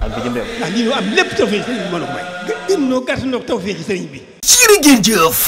ak bitim lépp tawfeex sëriñ a may. gën noo gàtt noo tawfeex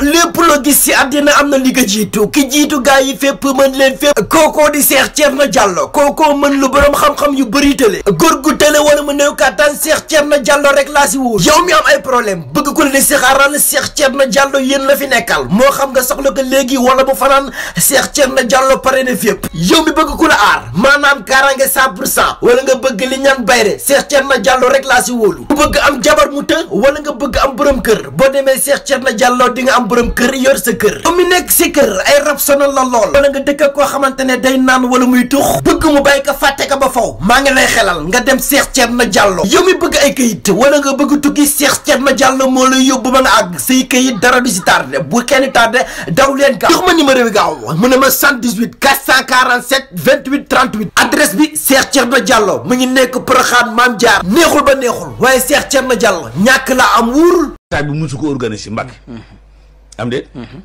lépp loo gis ci àddina am na li ko jiitu ki jiitu gaa yi fépp mën leen fépp kookoo di seex Thierno Diallo kookoo mën lu boroom xam-xam yu bëri tële góor gu tële wala mu néew kàttan seex na Diallo rek laa si wóor yow mi am ay problème bëgg ko leen seex aral seex Thierno Diallo yéen la fi nekkal moo xam nga soxla ko léegi wala bu fanaan seex na jàllo pare na fépp yow mi bëgg ku la aar maanaam kaaraange 100 pour cent wala nga bëgg li ñaan bayre seex Thierno Cerna Diallo rek laa si wóolu ku bëgg am jabar mu të wala nga bëgg am borom kër boo demee Cheikh Cerna Diallo di nga am borom kër yor sa kër comme mi nekk si kër ay rab sonal la lool wala nga dëkk koo xamante ne day naan wala muy tux bëgg mu bàyyi ko fàtte ko ba faw maa ngi lay xelal nga dem Cheikh na Diallo yow mi bëgg ay kayit wala nga bëgg tukki Cheikh Cerna Diallo moo lay yóbbu ma nga àgg say kayit dara du si tardé bu kenn tardé daw leen gaaw ma numéro bi gaaw ne ma 118 447 28 38 adresse bi Cheikh Cerna Diallo mu ngi nekk Porokhane Mame Diar neexul ba neexul waaye Cheikh Thierno Diallo ñàkk la am wuur tay bi musu ko organiser Mbacke mm-hmm. am mm-hmm.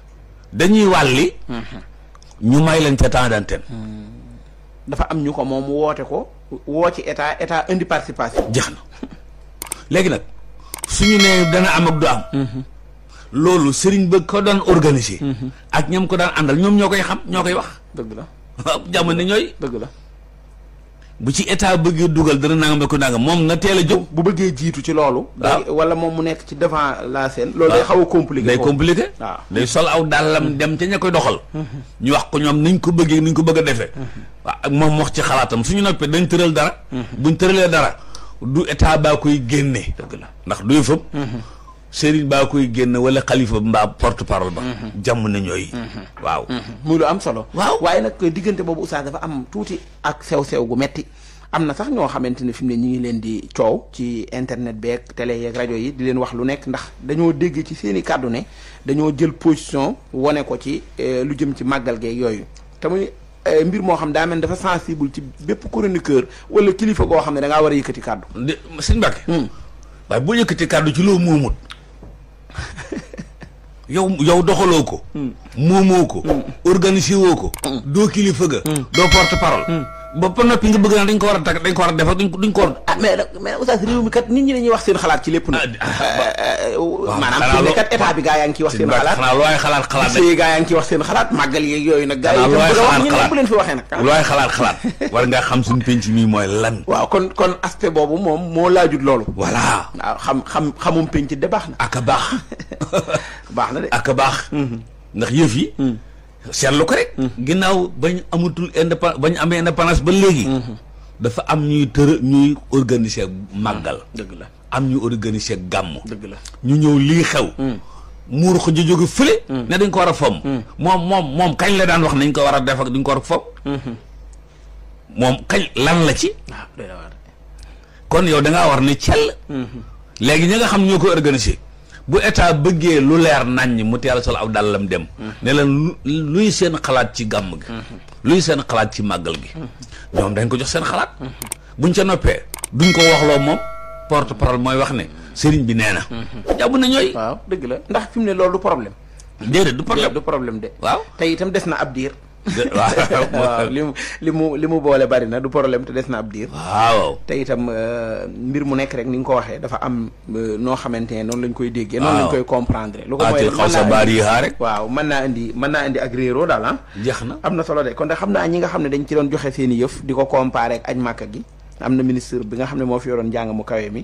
dañuy wàlli mm-hmm. ñu may leen ca temps d'antenne mm. dafa am ñu ko moom woote ko woo ci état état indi participation jeex na léegi nag suñu nee dana am ak du am loolu sëriñ ba ko daan organiser ak ñoom ko daan àndal ñoom ñoo koy xam ñoo koy wax dëgg la jamono ñooy dëgg la bu ci état bëggee dugal dana nangam ko nangam moom na teel a jóg. bu bëggee jiitu ci loolu. Ah. wala moom mu nekk ci devant la scène. loolu day ah. xaw a compliqué. day waaw ah. day sol aw dàllam dem ca ña koy doxal. ñu wax ko ñoom niñ ko bëggee niñ ko bëgg a defee. waaw ak moom wax ci xalaatam suñu noppee dañ tëral dara. buñ tëralee dara du état baa koy génne. dëgg la ndax duy fëpp. sëriñ baa koy génn wala xalifa mbaa port parole ba mhm. jàmm na ñooy mhm. waaw mhm. muy lu am solo waaw waaye nag diggante boobu oustaz dafa am tuuti ak sew-sew gu metti am na sax ñoo xamante ne fi mu ne ñi ngi leen di coow ci internet beeg télé yeeg rajo yi di leen wax lu nekk ndax dañoo dégg ci seen i kàddu ne dañoo jël position wane ko ci eh, lu jëm ci màggal geeg yooyu te muy eh, mbir moo xam daa mel dafa sensible ci bépp chroniqueur wala kilifa goo xam ne dangaa war a yëkkati kàddu. de sëñ Mbàkke hmm. boo yëkkati kàddu ci loo yow yow doxaloo ko hmm. moomoo ko hmm. organiser woo ko hmm. doo kilifa ga doo porte parole ba ba noppi nga bëgg naa dañ ko war a takk dañ ko war a defar duñ ko duñ ko war ah mais mais oustaz réew mi kat nit ñi dañuy wax seen xalaat ci lépp na ah, ah, ah, euh, euh, maanaam fi ne kat état bi gaa yaa ngi ciy wax seen xalaat xanaa looy xalaat xalaat see gaa yaa ngi ciy wax seen xalaat màggal yeeg yooyu nag gaa yi wax ñu ne bu leen fi waxee nag looy xalaat xalaat war ngaa xam suñu penc mi mooy lan waaw kon kon aspect boobu moom moo laajut loolu voilà waaw xam xam xamum penc de baax na ak a baax baax na de ak a baax mhm. ndax yëf yi mhm. seetlu ko rek. Mm-hmm. ginnaaw ba bañ amatul ba ñu amee indépendance ba léegi. Mm-hmm. dafa am ñuy tër ñuy organiser màggal. Mm-hmm. dëgg la am ñuy organiser gàmm. dëgg la ñu ñëw lii xew. Mm. muur ko ji jóge fële. Mm. ne dañ ko war a fomm. Mm. moom moom moom kañ la daan wax nañ ko war a def ak duñ a fomm. kañ lan la ci. Ah, kon yow da ngaa war ni cell léegi ñi nga xam ñoo ko organiser. bu état bëggee lu leer naññ mu teel a sol aw dàllam dem. ne luy seen xalaat ci gàmm gi. luy seen xalaat ci màggal gi. ñoom dañ ko jox seen xalaat. buñ sa noppee duñ ko waxloo moom porte parole mooy wax ne sëriñ bi nee na. jàpp na ñooy. dëgg la ndax fi mu ne loolu du problème. déedéet du problème du problème de. waaw te itam des na ab diir. waaw li mu li mu li mu boole bari na du poroblème te des na ab diir. waaw te itam euh, mbir mu nekk rek ni nga ko waxee dafa am euh, noo xamante ne noonu lañ koy déggee. noonu lañ koy comprendre. lu ko ah, mooy xaw sa baar rek. waaw mën naa indi mën naa indi ak réeroo daal ah. jeex na am na solo de kon de xam naa ñi nga xam ne dañ ci doon joxe seen i yëf di ko comparé ak aj màkk gi. am na ministre bi nga xam ne moo fi yoroon njàng mu kawe mi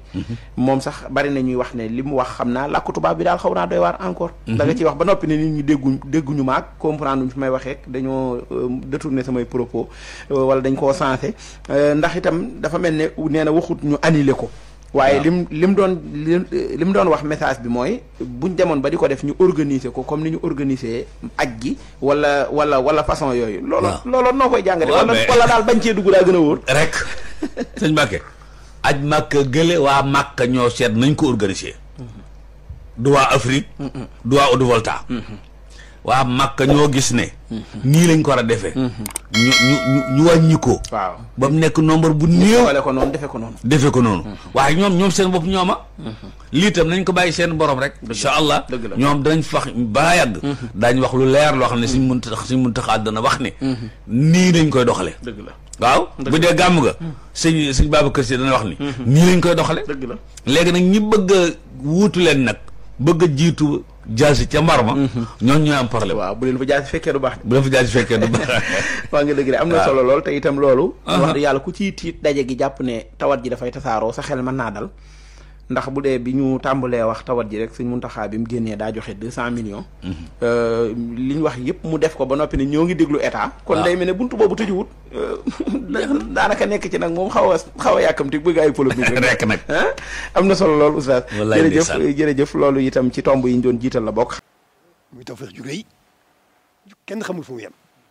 moom sax bari na ñuy wax ne li mu wax xam naa làkku tubaab bi daal xaw naa doy waar encore mhm. da nga ciy wax ba noppi ne nit ñi dégguñ dégguñu maag comprendre uñ fi may waxee dañoo euh, détourné samay propos euh, wala dañ koo sensé euh, ndax itam dafa mel ne nee na waxut ñu annulé ko waaye lim lim doon li mu doon wax message bi mooy buñ demoon ba di ko def ñu organiser ko comme ni ñu organiser ak gi wala wala wala façon yooyu loolo looloon noo koy jàngate wala wala daal bañ cee dugg daa gën a wóor rek sëñ Mbacke aj Màkka gële waa Màkka ñoo seet nañ ko organiser. du Afrique. du waa volta waa Makka ñoo gis ne. nii lañ ko war a defee. ñu ñu ko. waaw ba mu nekk nombre bu néew. defee ko noonu defee ko noonu. defee ko noonu. Mm-hmm. waaye ñoom ñoom seen bopp ñooma. Ah. Mm-hmm. lii tam nañ ko bàyyi seen borom rek. incha allah ñoom danañ fax ba yàgg. Mm-hmm. daañ wax lu leer loo xam ne suñ mënta suñ mënta xaat dana wax ne. nii lañ koy doxalee. dëgg la. waaw bu dee gàmm ga sëñ sëñ Babacar Si dana wax ni. nii lañ koy doxale dëgg la léegi nag ñi bëgg a leen nag. bëgg jiitu jaasi ca mbar ma. Mhm. ñooñu ñooy am problème. waaw bu leen fa jaasi fekkee du baax. bu leen fa jaasi fekkee du baax. waa ngi dëgg de am na solo lool te itam loolu. wax dëgg yàlla ku ciy tiit daje gi jàpp ne tawat ji dafay tasaaroo sa xel mën naa dal. ndax bu dee bi ñu tàmbalee wax tawat ji rek sëñ Muntaxa bi mu génnee daa joxe deux cent millions. Euh, li ñu wax yëpp mu def ko ba noppi ne ñoo ngi déglu état. kon ah. day mel ne buntu boobu tëjuwut. Euh, daanaka nekk ci nag moom xaw a xaw a yàkkamti bëgg ay polémique rek nag am na solo lool oustaz. wallaay jërëjëf jërëjëf loolu itam ci tomb yi ñu doon jiital la bokk. muy tawfeex ju rëy kenn xamul fu mu yem